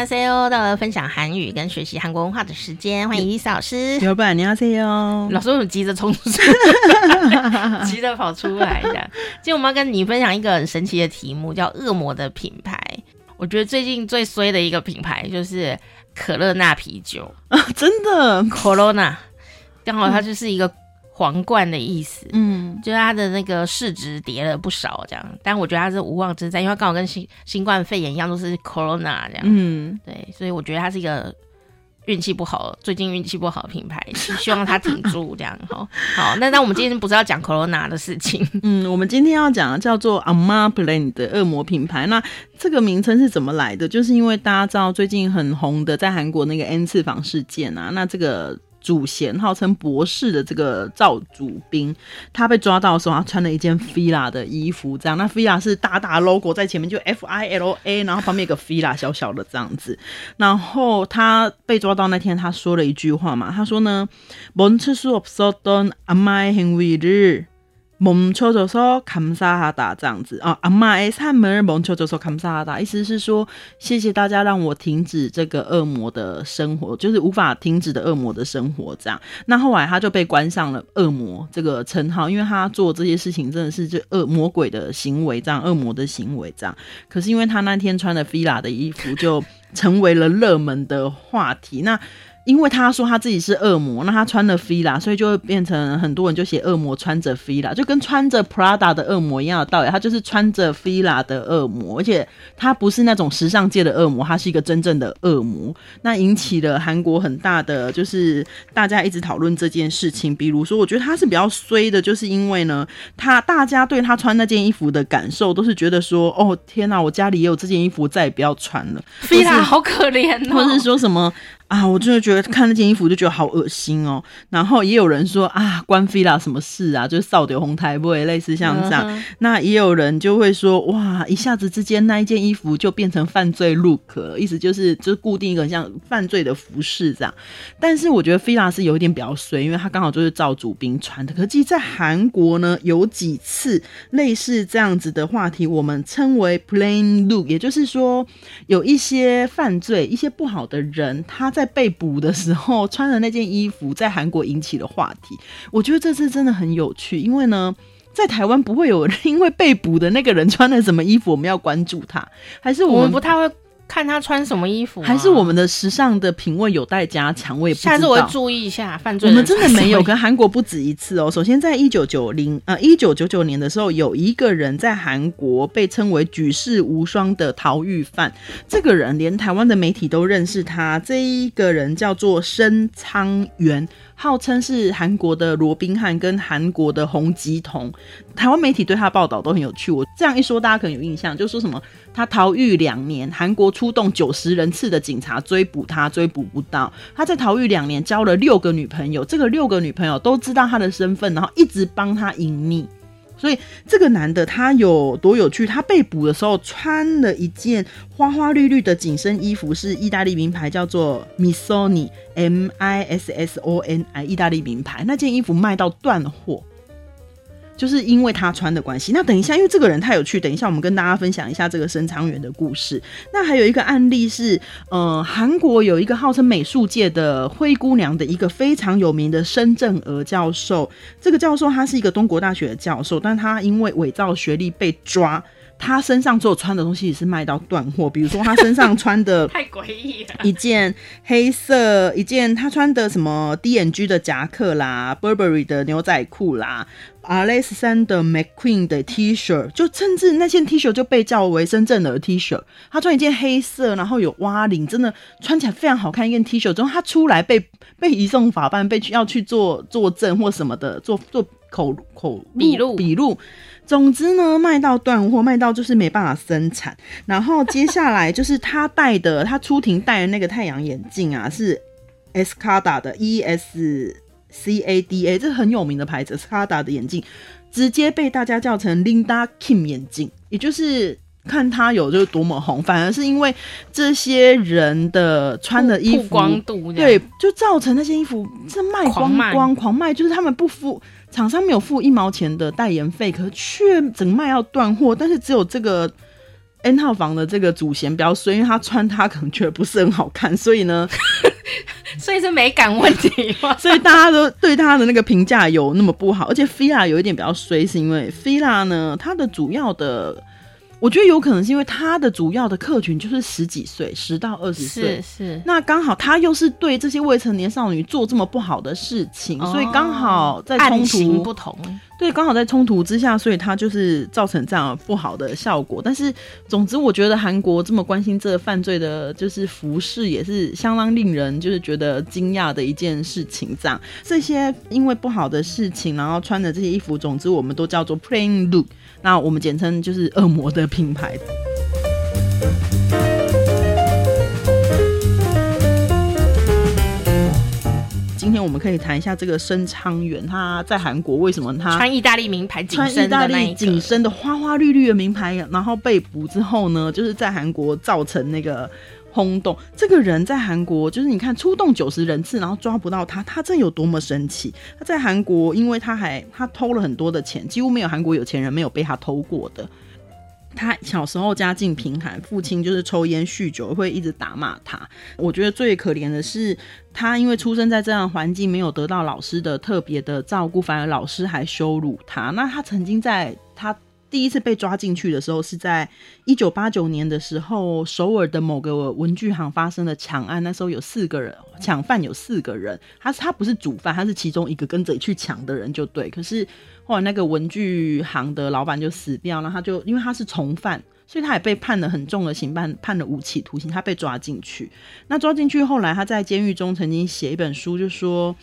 大家好，到了分享韓語跟學習韓國文化的時間，歡迎伊麗莎老師。老闆，你好，大家好。老師，我們急着衝出， 急着跑出來。的，今天我們要跟你分享一個很神奇的題目，叫“惡魔的品牌”。我覺得最近最衰的一個品牌就是可樂娜啤酒啊，真的可樂娜，剛好它就是一個。皇冠的意思，嗯，就是它的那個市值跌了不少，這樣。但我覺得它是無妄之災，因為剛好跟新新冠肺炎一樣，都是 corona 這樣。嗯，對，所以我覺得它是一個運氣不好，最近運氣不好的品牌。希望它挺住這樣。好、 哦，好，那那我們今天不是要講 corona 的事情，嗯，我們今天要講的叫做 Amaplane 的惡魔品牌。那這個名稱是怎麼來的？就是因為大家知道最近很紅的在韓國那個 N 次房事件啊，那這個。主嫌，號稱博士的這個趙主彬，他被抓到的時候，他穿了一件 fila 的衣服，這樣。那 fila 是大大 logo 在前面，就 F I L A，然後旁邊有個 fila 小小的這樣子。然後他被抓到那天，他說了一句話嘛，他說呢，멈출수없었던악마의蒙丘丘說：“卡姆薩哈達這樣子啊，阿瑪埃薩門蒙丘丘說卡姆薩哈達，意思是說謝謝大家讓我停止這個惡魔的生活，就是無法停止的惡魔的生活這樣。那後來他就被關上了惡魔這個稱號，因為他做這些事情真的是就惡魔鬼的行為，這樣惡魔的行為這樣。可是因為他那天穿了 FILA 的衣服，就成為了熱門的話題。那。”因為他說他自己是惡魔，那他穿了菲拉，所以就會變成很多人就寫惡魔穿着菲拉，就跟穿着 Prada 的惡魔一樣的道理。他就是穿着菲拉的惡魔，而且他不是那種時尚界的惡魔，他是一個真正的惡魔。那引起了韓國很大的，就是大家一直討論這件事情。比如說，我覺得他是比較衰的，就是因為呢，他大家對他穿那件衣服的感受都是覺得說，哦，天哪啊，我家裡也有這件衣服，再也不要穿了。菲拉好可憐哦，或者是說什麼。啊，我真的覺得看那件衣服就覺得好噁心哦。然後也有人說啊，關菲拉什麼事啊？就是掃到颱風尾類似像這樣。Uh huh. 那也有人就會說哇，一下子之間那一件衣服就變成犯罪 look 了，意思就是就固定一個像犯罪的服飾這樣。但是我覺得菲拉是有一點比較衰，因為她剛好就是趙主彬穿的。可是其實，在韓國呢，有幾次類似這樣子的話題，我們稱為 plain look，也就是說有一些犯罪、一些不好的人，他在。在被捕的時候穿的那件衣服，在韓國引起的話題，我覺得這次真的很有趣。因為呢，在台灣不會有人因為被捕的那個人穿了什麼衣服，我們要關注他，還是我們,我們不太會。看他穿什麼衣服，啊，還是我們的時尚的品味有待加強。我下次我要注意一下犯罪。我們真的沒有跟韓國不止一次哦，喔。 首先在 90,、呃，在一九九零呃一九九九年的時候，有一個人在韓國被稱為舉世無雙的逃獄犯。這個人連台灣的媒體都認識他。這一個人叫做申昌元，號稱是韓國的羅賓漢跟韓國的洪吉童。台灣媒體對他報道都很有趣。我這樣一說，大家可能有印象，就說什麼他逃獄兩年，韓國。出動九十人次的警察追捕他，追捕不到。他在逃獄兩年，交了六個女朋友。這個六個女朋友都知道他的身份，然後一直幫他隱匿。所以這個男的他有多有趣？他被捕的時候穿了一件花花綠綠的緊身衣服，是意大利名牌，叫做 Missoni M I, M I S S O N I，意大利名牌。那件衣服賣到斷貨。就是因為他穿的關係，那等一下，因為這個人太有趣，等一下我們跟大家分享一下這個申昌元的故事。那還有一個案例是，呃，韓國有一個號稱美術界的“灰姑娘”的一個非常有名的申正娥教授。這個教授他是一個東國大學的教授，但他因為偽造學歷被抓。他身上所有穿的東西也是賣到斷貨，比如說他身上穿的太詭異了，一件黑色， 一件他穿的什麼 D N G 的夾克啦，Burberry 的牛仔褲啦，Alexander McQueen 的 T 恤，shirt, 就甚至那件 T 恤就被叫為“深圳的 T 恤”。他穿一件黑色，然後有蛙領，真的穿起來非常好看。一件 T 恤之後，shirt, 他出來被被移送法辦，被要去做作證或什麼的，做做口口筆錄筆錄。總之呢，賣到斷貨，賣到就是沒辦法生產。然後接下來就是他戴的， 他出庭戴的那個太陽眼鏡啊，是 Escada 的 E S C A D A，這很有名的牌子，Escada 的眼鏡，直接被大家叫成 Linda Kim 眼鏡，也就是看他有就是多麼紅，反而是因為這些人的穿的衣服，曝曝光度，對，就造成那些衣服是賣光賣光，狂賣狂賣就是他們不服。廠商沒有付一毛錢的代言費，可卻整賣要斷貨。但是只有這個 N 號房的這個主嫌比較衰，因為他穿他可能覺得不是很好看，所以呢，所以是美感問題，所以大家都對他的那個評價有那麼不好。而且菲 a 有一點比較衰，是因為菲 a 呢，它的主要的。我覺得有可能是因為他的主要的客群就是十幾歲，十到二十歲，是是，是那剛好他又是對這些未成年少女做這麼不好的事情，哦、所以剛好在衝突不同，對，剛好在衝突之下，所以他就是造成這樣不好的效果。但是，總之，我覺得韓國這麼關心這個犯罪的，就是服飾也是相當令人就是覺得驚訝的一件事情。這樣，這些因為不好的事情，然後穿的這些衣服，總之我們都叫做 plain look。那我們簡稱就是“惡魔”的品牌。今天我們可以談一下這個申昌元，他在韓國為什麼他穿意大利名牌那、穿意大利緊身的花花綠綠的名牌，然後被捕之後呢，就是在韓國造成那個。轟動！這個人在韓國，就是你看出動九十人次，然後抓不到他，他這有多麼神奇？他在韓國，因為他還他偷了很多的錢，幾乎沒有韓國有錢人沒有被他偷過的。他小時候家境貧寒，父親就是抽煙酗酒，會一直打罵他。我覺得最可憐的是他，因為出生在這樣環境，沒有得到老師的特別的照顧，反而老師還羞辱他。那他曾經在他。第一次被抓進去的時候，是在一九八九年的時候，首爾的某個文具行發生了搶案。那時候有四個人搶犯，有四個人，他他不是主犯，他是其中一個跟着去搶的人，就對。可是後來那個文具行的老板就死掉了，他就因為他是從犯，所以他也被判了很重的刑判，判判了無期徒刑。他被抓進去，那抓進去後來他在監獄中曾經寫一本書，就說。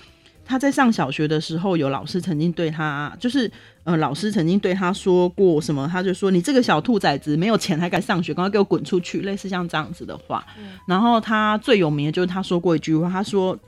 他在上小學的時候，有老師曾經對他，就是呃，老師曾經對他說過什麼？他就說：“你這個小兔崽子沒有錢還敢上學，趕快給我滾出去！”類似像這樣子的話。嗯。然後他最有名的就是他說過一句話：“他說，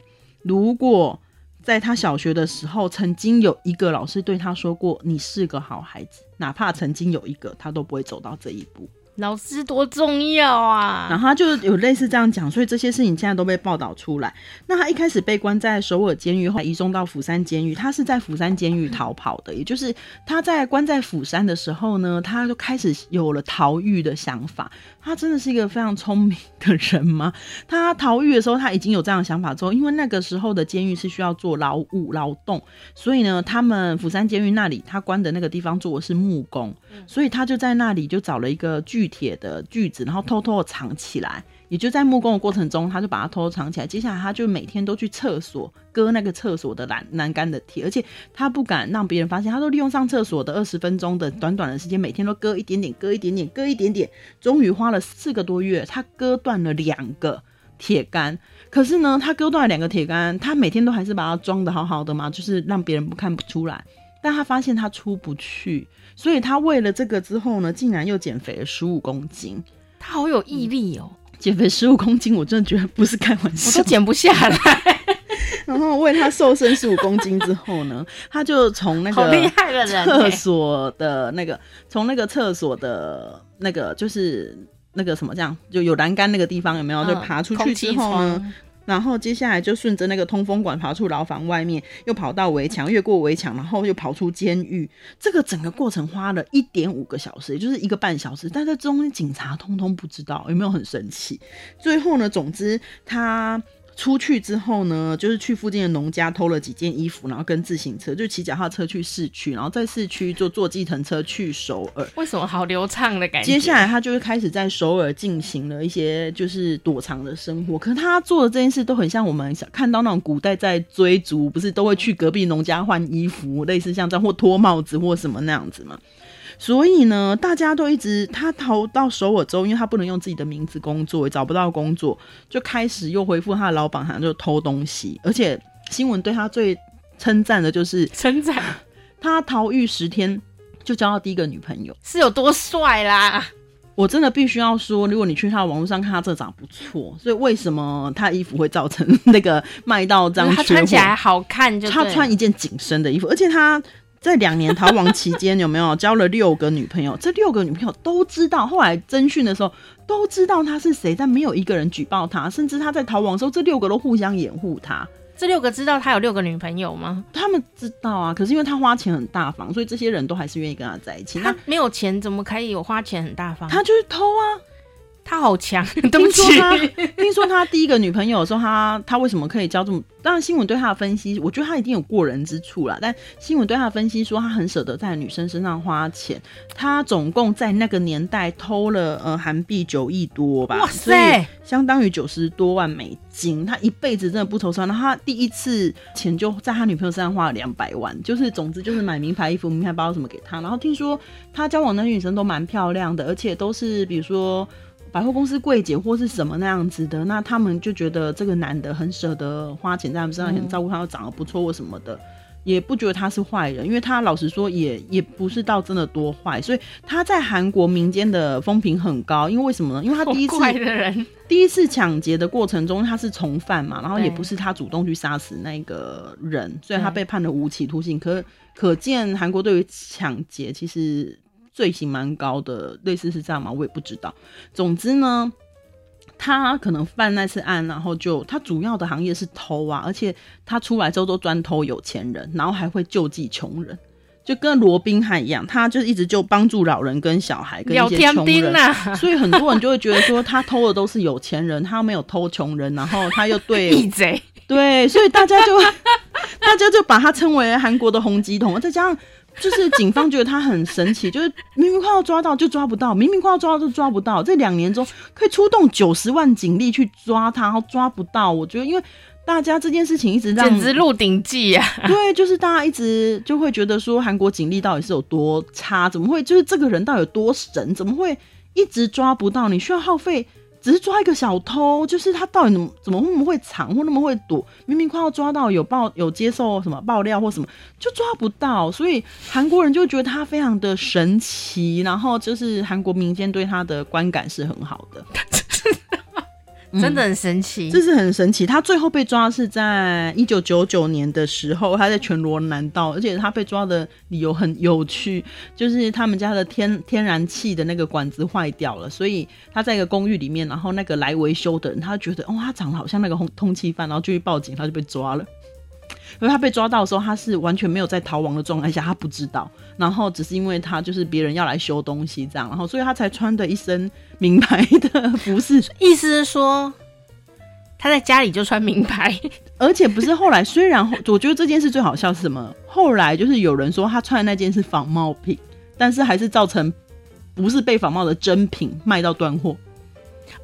如果在他小學的時候曾經有一個老師對他說過你是個好孩子，哪怕曾經有一個，他都不會走到這一步。”老師多重要啊！然後他就有類似這樣講，所以這些事情現在都被報道出來。那他一開始被關在首爾監獄後，後來移送到釜山監獄。他是在釜山監獄逃跑的，也就是他在關在釜山的時候呢，他就開始有了逃獄的想法。他真的是一個非常聰明的人嗎？他逃獄的時候，他已經有這樣的想法之後，因為那個時候的監獄是需要做勞務勞動，所以呢，他們釜山監獄那裡他關的那個地方做的是木工。所以他就在那裡就找了一個鋸鐵的鋸子，然後偷偷的藏起來。也就在木工的過程中，他就把它偷偷藏起來。接下來，他就每天都去廁所割那個廁所的欄欄杆的鐵，而且他不敢讓別人發現。他都利用上廁所的二十分鐘的短短的時間，每天都割一點點，割一點點，割一點點。終於花了四個多月，他割斷了兩個鐵桿。可是呢，他割斷了兩個鐵桿，他每天都還是把它裝得好好的嘛，就是讓別人不看不出來。但他發現他出不去，所以他為了這個之後呢，竟然又減肥了十五公斤。他好有毅力哦！嗯、減肥十五公斤，我真的覺得不是開玩笑，我都減不下來。 然後為他瘦身十五公斤之後呢， 他就從那個廁所的那個，從、欸、那個廁所的那個，就是那個什麼這樣，就有欄杆那個地方有沒有？就爬出去之後呢？嗯然後接下來就順着那個通風管爬出牢房外面，又跑到圍牆，越過圍牆，然後又跑出監獄。這個整個過程花了一點五個小時，也就是一個半小時。但在中間，警察通通不知道，有沒有很神奇？最後呢，總之他。出去之後呢，就是去附近的農家偷了幾件衣服，然後跟自行車就騎腳踏車去市區，然後在市區坐坐計程車去首爾。為什麼好流暢的感覺？接下來他就是開始在首爾進行了一些就是躲藏的生活。可是他做的這件事都很像我們想看到那種古代在追逐，不是都會去隔壁農家換衣服，類似像這樣或脫帽子或什麼那樣子嘛。所以呢，大家都一直他逃到首爾之後，因為他不能用自己的名字工作，也找不到工作，就開始又回復他的老板，他就偷東西。而且新聞對他最稱讚的就是稱讚他逃獄十天就交到第一個女朋友，是有多帥啦！我真的必須要說，如果你去他的網絡上看他這長，不錯。所以為什麼他衣服會造成那個賣到這樣？他、嗯、穿起來好看就，就他穿一件緊身的衣服，而且他。在兩年逃亡期間，有沒有交了六個女朋友？ 這六個女朋友都知道，後來偵訊的時候都知道他是誰，但沒有一個人舉報他，甚至他在逃亡的時候，這六個都互相掩護他。這六個知道他有六個女朋友嗎？他們知道啊，可是因為他花錢很大方，所以這些人都還是願意跟他在一起。那他沒有錢，怎麼可以有花錢很大方？他就是偷啊。他好強！你聽說他聽說他，聽說他第一個女朋友的時候，他他為什麼可以交這麼？當然，新聞對他的分析，我覺得他一定有過人之處啦。但新聞對他的分析說，他很捨得在女生身上花錢。他總共在那個年代偷了呃韓幣九億多吧，所以相當於九十多萬美金。他一輩子真的不愁穿。然後他第一次錢就在他女朋友身上花了兩百萬，就是總之就是買名牌衣服、名牌包什麼給他。然後聽說他交往的女生都蠻漂亮的，而且都是比如說。百貨公司櫃姐或是什麼那樣子的，那他們就覺得這個男的很舍得花錢在他們身上，很、嗯、照顧他，又長得不錯或什麼的，也不覺得他是壞人，因為他老實說也也不是到真的多壞，所以他在韓國民間的風評很高。因為為什麼呢？因為他第一次第一次搶劫的過程中他是從犯嘛，然後也不是他主動去殺死那個人，所以他被判了無期徒刑。可可見韓國對於搶劫其實。罪行蠻高的，類似是這樣嗎？我也不知道。總之呢，他可能犯那次案，然後就他主要的行業是偷啊，而且他出來之後都專偷有錢人，然後還會救濟窮人，就跟羅賓漢一樣，他就一直就幫助老人跟小孩跟一些窮人，廖添丁啦，所以很多人就會覺得說他偷的都是有錢人， 他沒有偷窮人，然後他又對義賊 對，所以大家就 大家就把他稱為韓國的洪吉童，再加上。 就是警方覺得他很神奇，就是明明快要抓到就抓不到，明明快要抓到就抓不到。這兩年中可以出動九十萬警力去抓他，然後抓不到。我覺得，因為大家這件事情一直在，簡直《鹿鼎記》啊！對，就是大家一直就會覺得說，韓國警力到底是有多差？怎麼會？就是這個人到底有多神？怎麼會一直抓不到？你需要耗費。只是抓一個小偷，就是他到底怎麼怎麼會那麼會藏或那麼會躲，明明快要抓到有報，有爆有接受什麼爆料或什麼，就抓不到，所以韓國人就覺得他非常的神奇，然後就是韓國民間對他的觀感是很好的。 嗯、真的很神奇，這是很神奇。他最後被抓是在一九九九年的時候，他在全羅南道，而且他被抓的理由很有趣，就是他們家的天天然氣的那個管子壞掉了，所以他在一個公寓裡面，然後那個來維修的人，他覺得，哦，他長得好像那個通通緝犯，然後就去報警，他就被抓了。因為他被抓到的時候，他是完全沒有在逃亡的狀態下，他不知道，然後只是因為他就是別人要來修東西這樣，然後所以他才穿的一身名牌的服飾。意思是說他在家裡就穿名牌，而且不是後來。雖然後我覺得這件事最好笑是什麼，後來就是有人說他穿的那件是仿冒品，但是還是造成不是被仿冒的真品賣到斷貨。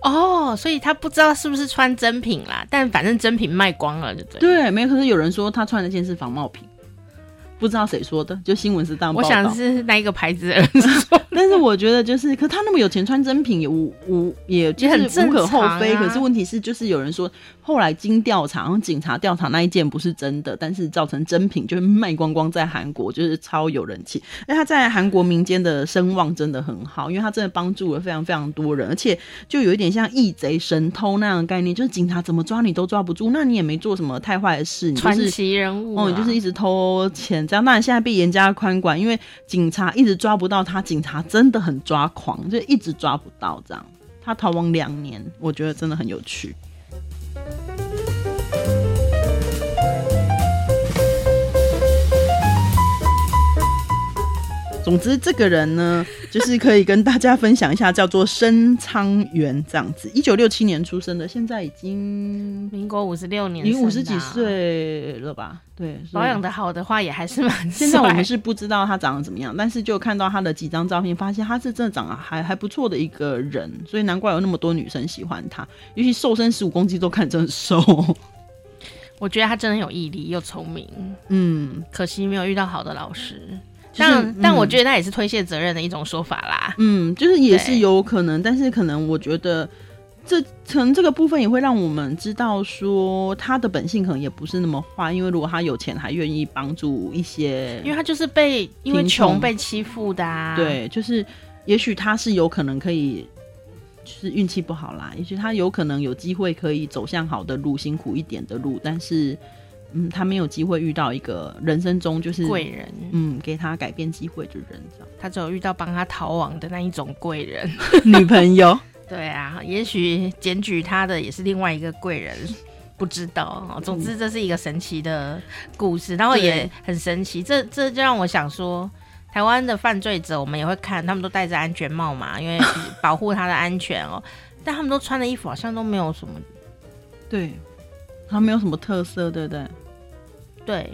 哦，所以他不知道是不是穿真品啦，但反正真品賣光了就對。對，沒有。可是有人說他穿那件是仿冒品。不知道誰說的，就新聞是大我想是那一個牌子的人說， 但是我覺得就是，可是他那麼有錢穿真品也無，無無也就很、啊，無可厚非。可是問題是，就是有人說後來經調查，然後警察調查那一件不是真的，但是造成真品就是賣光光在韓國，就是超有人氣。而且他在韓國民間的聲望真的很好，因為他真的幫助了非常非常多人，而且就有一點像義賊神偷那樣的概念，就是警察怎麼抓你都抓不住，那你也沒做什麼太壞的事，傳、就是、奇人物、啊、哦，你就是一直偷錢。這樣，那現在被嚴加看管，因為警察一直抓不到他，警察真的很抓狂，就一直抓不到這樣。他逃亡兩年，我覺得真的很有趣。總之，這個人呢，就是可以跟大家分享一下， 叫做申昌元，這樣子。一九六七年出生的，現在已經民國五十六年，你五十幾歲了吧？對，保養的好的話，也還是蠻。現在我還是不知道他長得怎麼樣，但是就看到他的幾張照片，發現他是真的長得還還不錯的一個人，所以難怪有那麼多女生喜歡他，尤其瘦身十五公斤都看真的瘦。 我覺得他真的有毅力，又聰明。嗯，可惜沒有遇到好的老師。就是嗯、但但我覺得那也是推卸責任的一種說法啦。嗯，就是也是有可能，對但是可能我覺得這從這個部分也會讓我們知道說，他的本性可能也不是那麼壞，因為如果他有錢還願意幫助一些，因為他就是被因為窮被欺負的、啊。對，就是也許他是有可能可以，就是運氣不好啦，也許他有可能有機會可以走向好的路，辛苦一點的路，但是。嗯，他沒有機會遇到一個人生中就是貴人，嗯，給他改變機會的人，這樣。他只有遇到幫他逃亡的那一種貴人。 女朋友。 對啊，也許檢舉他的也是另外一個貴人，不知道哦。總之，這是一個神奇的故事，然後也很神奇。這這就讓我想說，台灣的犯罪者，我們也會看，他們都戴着安全帽嘛，因為保護他的安全哦、喔。 但他們都穿的衣服好像都沒有什麼，對。他沒有什麼特色，對不對？對，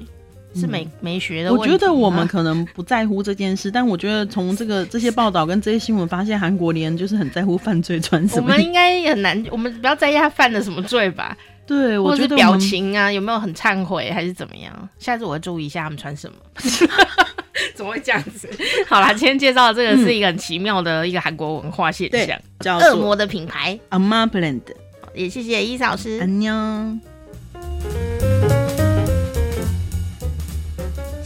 是美美，嗯、學的。我覺得我們可能不在乎這件事， 但我覺得從這個這些報道跟這些新聞發現，韓國人就是很在乎犯罪穿什麼。我們應該也很難，我們不要在意他犯了什麼罪吧？對，我覺得我或者是表情啊，有沒有很懺悔，還是怎麼樣？下次我會注意一下他們穿什麼。 怎麼會這樣子？ 好啦，今天介紹的這個是一個很奇妙的一個韓國文化現象，嗯、叫做惡魔的品牌 ”（Ama Blend）。也謝謝伊莎老師。嗯